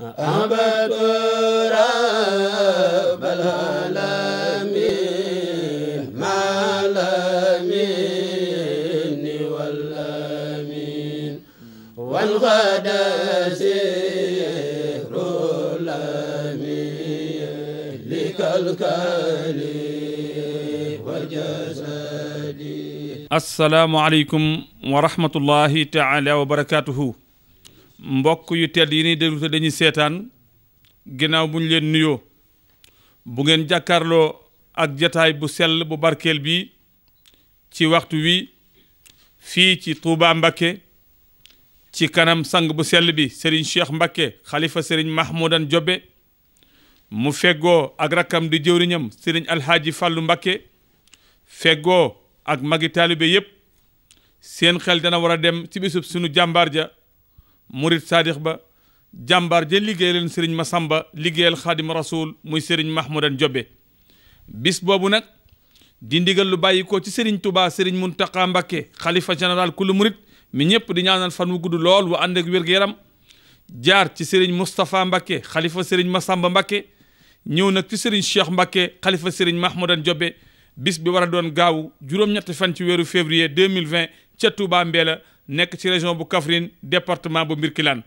أبد رب العالمين مع الأمين والأمين والغدا سير الأمين لك الكلي والجسد السلام عليكم ورحمة الله تعالى وبركاته mbokk yu tedd yi ñuy déglu te dañuy seetaan ginnaaw bu ñu leen nuyoo bu ngeen jàkkaarloo ak jataay bu sell bu barkeel bi ci waxtu wi fii ci tuubaa Mbakke ci kanam sang bu sell bi Serigne Cheikh Mbakke xalifa Serigne Mahmoudan Jobe mu feggoo ak rakkam di jëwriñam Serigne Alhaaji Fàllu Mbakke feggoo ak magi taalibe yépp seen xel dana war a dem ci bisub sunu jàmbaar ja murit saadix ba jàmbaar ja liggéey leen sëriñ Masamba liggéeyal xaadim rasul muy sëriñ Mahmoudan Jobe bis boobu nag di ndigal lu bàyyi ko ci sëriñ Touba sëriñ Muntaqa Mbakke xalifa général kulu murit mi ñëpp di ñaanal fan wu gudd lool wa àndeek ak yaram jaar ci sëriñ Moustapha Mbakke xalifa sëriñ Masamba Mbakke ñëw nag ci sëriñ Cheikh Mbakke xalifa sëriñ Mahmoudan Jobe bis bi war a doon gaaw juróom-ñetti fan ci weeru février 2020 ca Touba Mbella nekk ci région bu Kaffrine département bu Mbirkilaan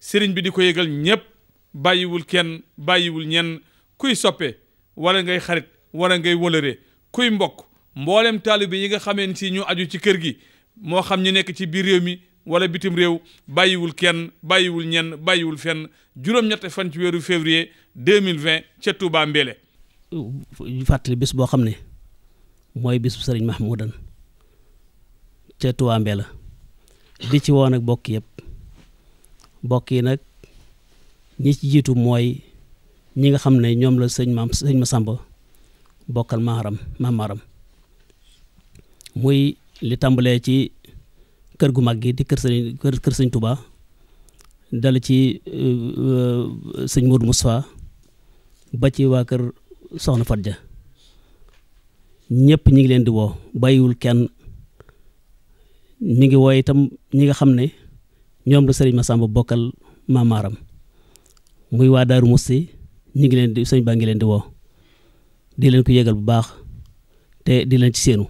sëriñ bi di ko yëgal ñëpp bàyyiwul kenn bàyyiwul ñenn kuy soppe wala ngay xarit wala ngay wëlëre kuy mbokk mboolem taalibe yi nga xamee si ñu aju ci kër gi moo xam ñu nekk ci biir réew mi wala bitim réew bàyyiwul kenn bàyyiwul ñenn bàyyiwul fenn juróom-ñett fan ci weeru février 2020 ca Touba Mbéle ñu fàttali bis boo xam ne mooy bisu sëriñ Mahmoudan ca Touba Mbéle di ci woon ak bokk yëpp bokk yi nag ñi ci jiitu mooy ñi nga xam ne ñoom la sëñ maam sëñ ma samba bokkal maaram maam maaram muy li tàmbalee ci kër gu mag di kër sëñ kër sëñ Touba dal ci euh, sëñ Modou ba ci waa kër Soxna Fadja ñëpp ñi ngi leen di woo bàyyiwul kenn mi ngi wooy itam ñi nga xam ne ñoom la ma Massamba bokkal maamaaram muy waa Daaru Musti ñi ngi leen di sëñ baa ngi leen di woo di leen ko yëgal bu baax te di leen ci séenu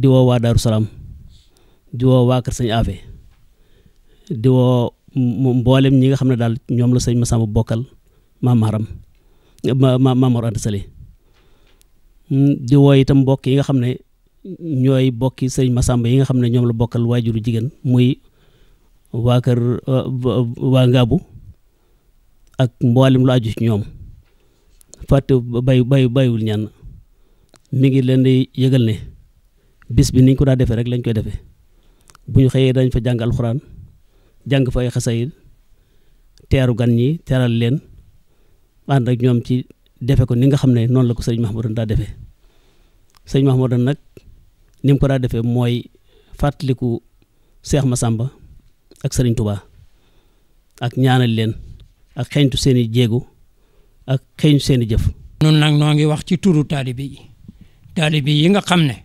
di woo waa Daaru Salaam diwoo woo waa sëñ Afe di woo mboolem ñi nga xam ne daal ñoom la sëñ Massamba bokkal maamaaram ma ma Maamor Anta Sali mm, di mbokk yi nga ne ñooy bokki sëriñ Massamba yi nga xam ne ñoom la bokkal waajuru jigéen muy waa kër uh, waa Ngaabu ak mboolem lu aju ci ñoom fàtte bay bay bayiwul ñaan mu ngi leen di yëgal ne bis bi niñ ko daa defe rek lañ koy defee bu ñu xëyee dañ fa jàng alxuraan jàng fa ay teeru gan ñi teeral leen ànd ak ñoom ci defe ko ni nga xam ne noonu la ko sëriñ Mahmoudan daa defee sëriñ Mahmoudan nag nim mu ko daa defee mooy fàttaliku Seex Masàmba ak Sëriñ Tubaa ak ñaanal leen ak xeeñtu seeni jéego ak xeeñtu seeni jëf nun nag noo ngi wax ci turu taalibe yi taalibe yi nga xam ne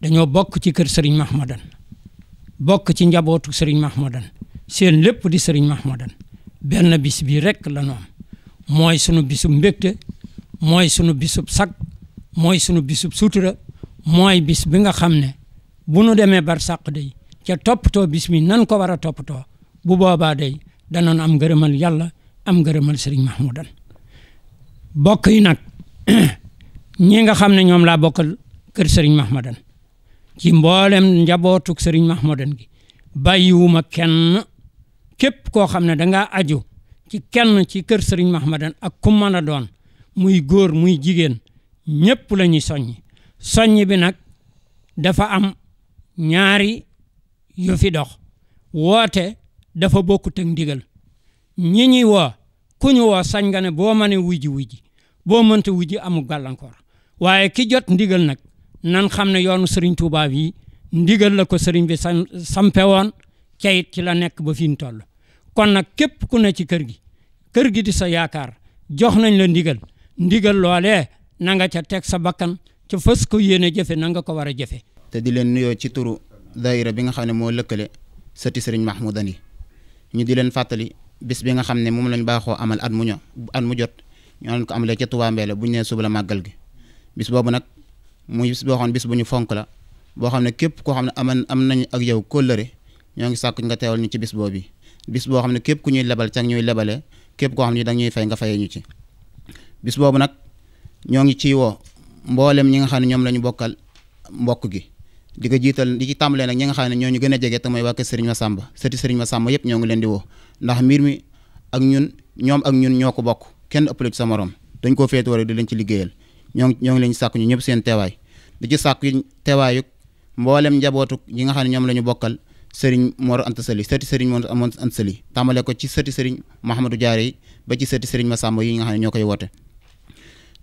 dañoo bokk ci kër Sëriñ Mahmadan bokk ci njabootu Sëriñ Mahmadan seen lépp di Sëriñ Mahmadan benn bis bi rekk la noom mooy sunu bisu mbégte mooy sunu bisu sag mooy sunu bisub sutura mooy bis bi nga xam ne bu nu demee bar sàq day ca toppatoo bis mi nan ko war a toppatoo bu boobaa day danoon am ngërëmal yàlla am ngërëmal sëriñ Mahmoudan bokk yi nag ñi nga xam ne ñoom laa bokkal kër sëriñ Mahmoudan ci mboolem njabootuk sëriñ Mahmoudan gi bàyyiwuma kenn képp koo xam ne danga aju ci kenn ci kër sëriñ Mahmoudan ak ku mën a doon muy góor muy jigéen ñëpp la ñuy soññi soññ bi nag dafa am ñaari yu fi dox woote dafa bokkut ak ndigal ñi ñuy woo ku ñu woo sañ nga boo mënee wujji wujji boo mënta wujji amu gàllankoor waaye ki jot ndigal nag nan xam ne yoonu sëriñ Touba yi ndigal la ko sëriñ bi sa sampe cayit ci la nekk ba fi mu toll kon nag képp ku ne ci kër gi kër gi di sa yaakaar jox nañ la ndigal ndigal loole na nga ca teg sa bakkan ca fas ko yéene jafe na nga ko war a jafe. te di leen nuyoo ci turu daayira bi nga xam ne moo lëkkale sëti sëriñ Mahmoudane yi ñu di leen fàttali bis bi nga xam ne moom lañ baaxoo amal at mu ñëw at mu jot ñu doon ko amalee ca bu ñu nee suba la màggal gi bis boobu nag muy bis boo xam ne bis bu ñu fonk la boo xam ne képp koo xam ne aman am nañu ak yow kóllëre ñoo ngi sàkku nga teewal ñu ci bis boobu bis boo xam ne képp ku ñuy lebal ca ñuy lebalee képp koo xam ne da fay nga fayee ci bis boobu nag ñoo ngi ciy woo mboolem ñi nga xam ne ñoom la ñu bokkal mbokk gi di ko jiital di ci tàmbalee nag ñi nga xam ne ñoo ñu gën a jege te mooy waa kër Serigne Massamba sëti Serigne Massamba yëpp ñoo ngi leen di woo ndax mbir mi ak ñun ñoom ak ñun ñoo ko bokk kenn ëppale ci sa morom dañ koo féetu wala di leen ci liggéeyal ñoo ñoo ngi leen ñëpp seen teewaay di ci sàkk teewaayu mboolem njabootu ñi nga xam ne ñoom la ñu bokkal sëriñ Mor Anta Sali sëti sëriñ Mor Anta Sali tàmbale ko ci sëti sëriñ Mahamadou Diaré yi ba ci sëti sëriñ Massamba yi nga xam ne ñoo koy woote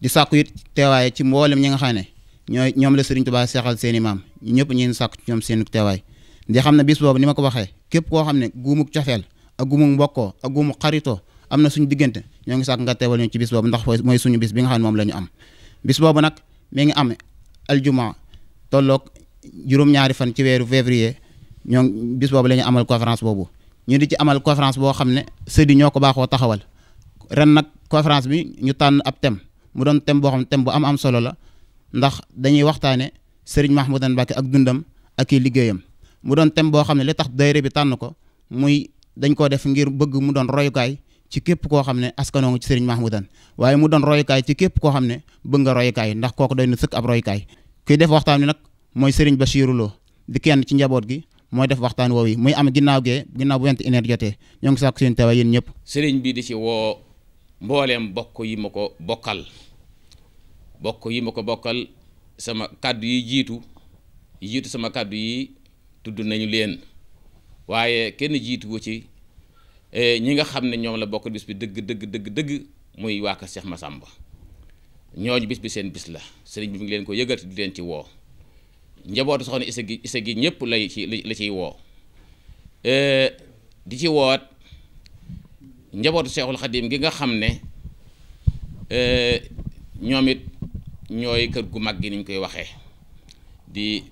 di sàkku it teewaay ci mboolem ñi nga xam ne ñooy ñoom la Serigne Touba seexal seen i maam ñëpp ñeen sàkku ci ñoom seen teewaay di xam ne bis boobu ni ma ko waxee képp koo xam ne guumuk cofeel ak guumuk mbokkoo ak guumuk xaritoo am na suñu diggante ñoo ngi sàkk nga teewal ñu ci bis boobu ndax mooy suñu bis bi nga moom la am bis boobu nag mi ngi am aljuma tolloog juróom-ñaari fan ci weeru février ñoo bis boobu lañu amal conférence boobu ñu di ci amal conférence boo xam ne sëdi ñoo ko baaxoo taxawal ren nag conférence bi ñu tànn ab thème mu doon thème boo xam thème bu am am solo la ndax dañuy waxtaane Serigne Mahmoudane Mbacké ak dundam ak i liggéeyam mu doon thème boo xam ne li tax daayira bi tànn ko muy dañ koo def ngir bëgg mu doon royukaay ci képp koo xam ne askanoo nga ci Serigne Mahmoudane waaye mu doon royukaay ci képp koo xam ne bëgg nga royukaay ndax kooku doy na sëkk ab royukaay kuy def waxtaan wi nag mooy Serigne Bachirou Lo di kenn ci njaboot gi mooy def waxtaan woowu yi muy am ginnaaw gee ginnaaw bu went une jotee ñoo ngi sàkk seen teewaay yéen ñëpp. Serigne bi di ci woo. mbooleem bokk yi ma ko bokkal bokk yi ma ko bokkal sama kàddu yi jiitu yi jiitu sama kàddu yi tudd nañu leen waaye kenn jiitu jiituwu ci e, ñi nga xam ne ñoom la bokk bis bi dëgg dëgg dëgg dëgg muy waa kër Cheikh Massamba ñooñu bis bi seen bis la sëriñ bi mu ngi leen ko yëgati di leen ci woo njabootu soxna ise gi ise gi ñëpp lay ci la ciy woo e, di ci woot njabootu Seexul Xadiim gi nga xam ne e, ñoom it ñooy kër gu mag gi niñ koy waxee di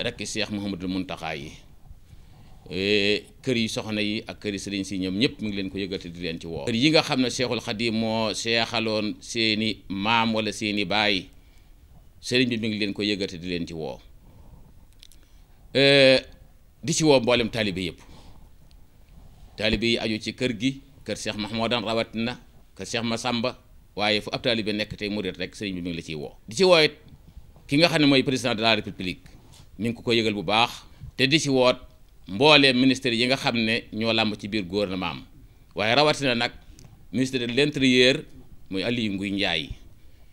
rekk Seex Muhammadul Muntaxaa yi e, kër yi soxna yi ak kër yi sëriñ si ñoom ñëpp mu ngi leen ko yëgal te di leen ci woo. yi nga xam ne Seexul Xadiim moo seexaloon seeni maam wala seeni baay sëriñ bi mi ngi leen ko yëgal di leen ci woo e, di ci mboolem taalibe yëpp taalibe yi aju ci kër gi. kër Cheikh Mahmoudan rawatina kër Cheikh Massamba waaye fu ab taalibe nekk tey murit rek sëriñ bi mi ngi la ciy woo. di ci woo it ki nga xam ne mooy président de la république mi ngi ko ko yëgal bu baax te di ci woot mbooleem ministère yi nga xam ne ñoo làmb ci biir gouvernement am waaye rawatina nag minister de l'intérieur mooy Aliou Nguy Ndiaye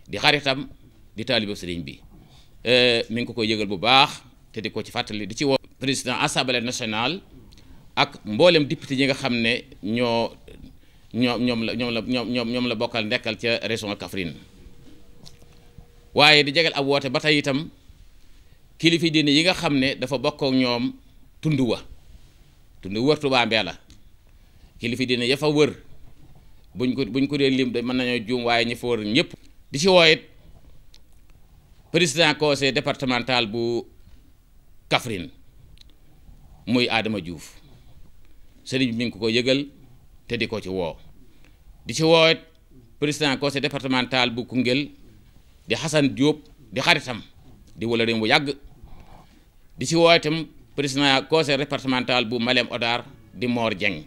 di xaritam di taalibe sëriñ bi euh, mi ngi ko koy yëgal bu baax te di ko ci fàttali di ci woo président assemblée nationale ak mboolem député ñoom ñoom la ñoom la ñoom ñoom la bokkal nekkal ca région Kaffrine waaye di jegal ab woote ba tey itam kilifi diine yi nga xam ne dafa bokk ñoom tund wa tund wër Touba Mbella kilifi diine wër buñ ko buñ ko dee lim mën nañoo juum waaye ñi fa wër ñëpp. di ci woo président conseil départemental bu Kaffrine muy Adama Diouf sëriñ bi mi ko ko yëgal te di ko ci woo di ci woowet président conseil départemental bu Koungheul di Xasan Diop di xaritam di wala réew bu yàgg di ci woowee itam président conseil départemental bu Malem Odar di Mor Dieng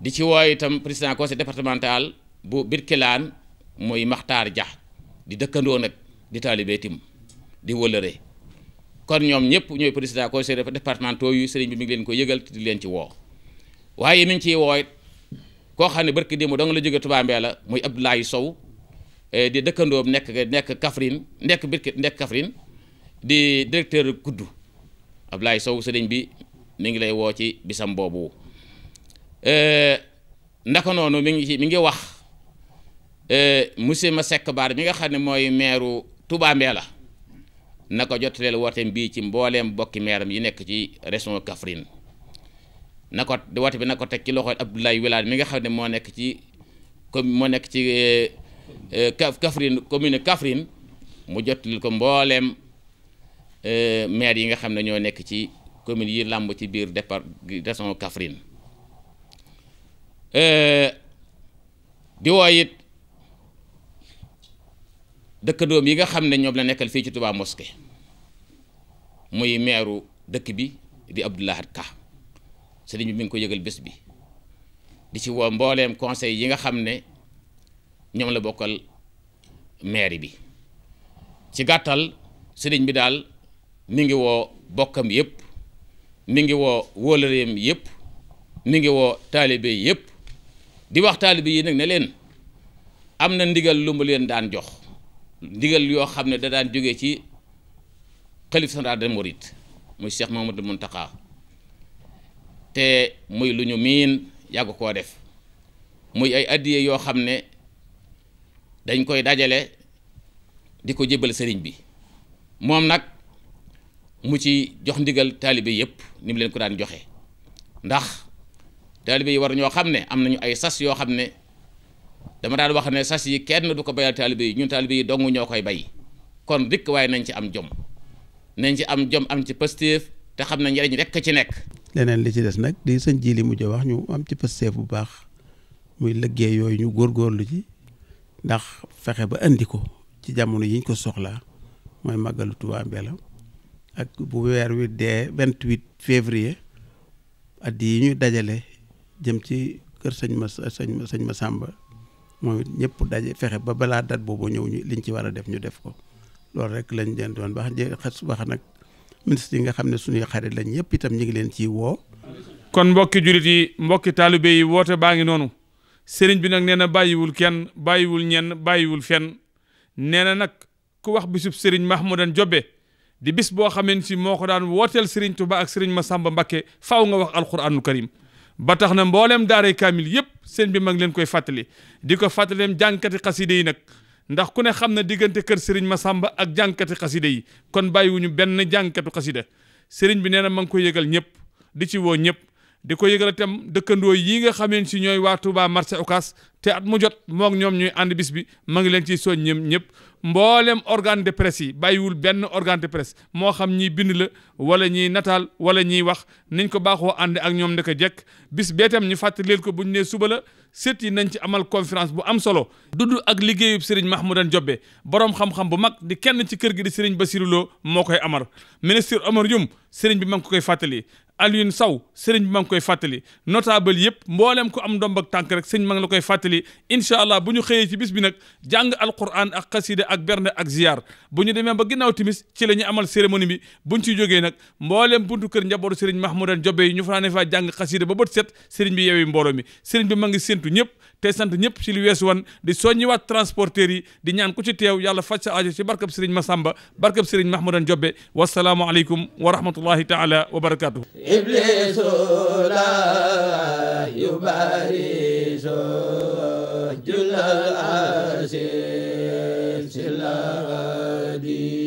di ci woowee itam président conseil départemental bu Birkilaan muy Makhtar Dia di dëkkandoo nag di taalibe tim di wëlëre kon ñoom ñëpp ñooy président conseil départementaux yu sëriñ bi mi ngi leen ko yëgal di leen ci woo waaye mi ngi ciy koo xam ne barki démb danga la jóge Touba Mbella muy Abdoulaye Sow eh, di dëkkandoom nekk nekk Kaffrine nekk birki nekk Kaffrine di directeur kuddu Abdoulaye Sow sëriñ bi mu ngi lay woo ci bisam boobu eh, naka noonu mu ngi ci mi ngi wax eh, monsieur Masseck Baar mi nga xam ne mooy maire Touba la na ko jottaleel wooteem bii ci mbooleem bokki meeram yi nekk ci région Kaffrine na ko woote bi na ko teg ci loxo Abdoulaye Wilane mi nga xam ne moo nekk ci comme moo nekk ci eh, eh, Kaffrine commune Kaffrine mu jotul ko mbooleem eh, maire yi nga xam ne ñoo nekk ci commune yi làmb ci biir départ région Kaffrine di woo it dëkkandoom yi nga xam ne ñoom la nekkal fii ci tubaab moske muy meeru dëkk bi di Abdoulahat Ka sëriñ bi mi ngi ko yëgal bés bi di ci woo mbooleem conseil yi nga xam ne ñoom la bokkal maire bi ci gàttal sëriñ bi daal mi ngi woo bokkam yépp mi ngi woo wóolareem yépp mi ngi woo taalibe yépp di wax taalibe yi nag ne leen am na ndigal lu mu leen daan jox ndigal yoo xam ne da daan jóge ci xalif général des mourides muy Cheikh Mamadou Mountakha te muy lu ñu miin yàgg koo def muy ay addiye yoo xam ne dañ koy dajale di ko jébbal sëriñ bi moom nag mu ci jox ndigal taalibe yëpp ni mu leen ko daan joxe ndax taalibe yi war ñoo xam ne am nañu ay sas yoo xam ne dama daan wax ne sas yi kenn du ko bayal taalibe yi ñun taalibe yi dong ñoo koy bay kon dikk waaye nañ ci am jom nañ ci am jom am ci positif te xam ne njariñ rekk ci nekk leneen li ci des nag di sëñ jii li mujj wax ñu am ci pësteef bu baax muy liggéey yooyu ñu góorgóorlu ci ndax fexe ba indi ko ci jamono yiñ ko soxlaa mooy màggalu Tuubaa Mbella ak bu weer wi dee vingt huit février at yi ñu dajale jëm ci kër sëñ ma sëñ sëñ ma Sàmba moom it ñëpp daje fexe ba balaa date boobu ñëw ñu liñ ci war a def ñu def ko loolu rek lañ leen doon wax je xas wax nag ministre yi nga xam ne suñuy xarit lañ yëpp itam ñu ngi leen ciy woo. kon mbokki julit yi mbokki taalibe yi woote baa ngi noonu seriñ bi nag nee na bàyyiwul kenn bàyyiwul ñenn bàyyiwul fenn nee na nag ku wax bisub sëriñ Mahmoudan Jobbe di bis boo xamee si moo ko daan wooteel sëriñ Touba ak sëriñ Massamba Mbakke faw nga wax alquranul karim ba tax na mboolem daaray kaamil yëpp sëriñ bi mag ngi leen koy fàttali di ko fàttaleem jànkati xaside yi nag. ndax ku ne xam na diggante kër sëriñ Masamba ak jànkati xasida yi kon bàyyiwuñu benn jànkatu xasida sëriñ bi nee na ma ngi ko yëgal ñëpp di ci woo ñëpp di ko yëgal tam dëkkandoo yi nga xameen si ñooy waa Touba marché Ocass te at mu jot mook ñoom ñuy ànd bis bi ma ngi leen ciy soññ ñëpp mboolem organe de presse yi bàyyiwul benn organe de presse moo xam ñiy bind la wala ñiy nataal wala ñiy wax niñ ko baaxoo ànd ak ñoom ndaka jekk bis bee tam ñu fàttali leen ko bu ñu nee suba la sët yi nañ ci amal conférence bu am solo. du ak liggéeyub Serigne Mahmoudan Diobbe borom xam-xam bu mag di kenn ci kër gi di Serigne ba Lo moo koy amar ministre Omar Youm Serigne bi ma ko koy fàttali Alioune saw sëriñ bi ma ngi koy fàttali notable yëpp mboolem ko am ndomb ak tànk rek sëñ ma ngi la koy fàttali incha allah bu ñu xëyee ci bis bi al jàng alquran ak xasida ak bernde ak ziar bu ñu demee ba ginnaaw timis ci la ñuy amal cérémonie bi buñ ci jógee nag mboolem buntu kër njabootu sëriñ Mahmoudan Jobe yi ñu fanaane faa jàng xasida ba bët set seriñ bi yewi mbooloo mi sëriñ bi ma ngi séntu ñëpp te sant ñëpp ci li weesu woon di soññiwaat transporteurs yi di ñaan ku ci teew yàlla faj sa aajo ci barkab Serigne Massamba barkab Serigne Mahmoudan Diobé wasalaamu aleykum wa rahmatullahi taala wa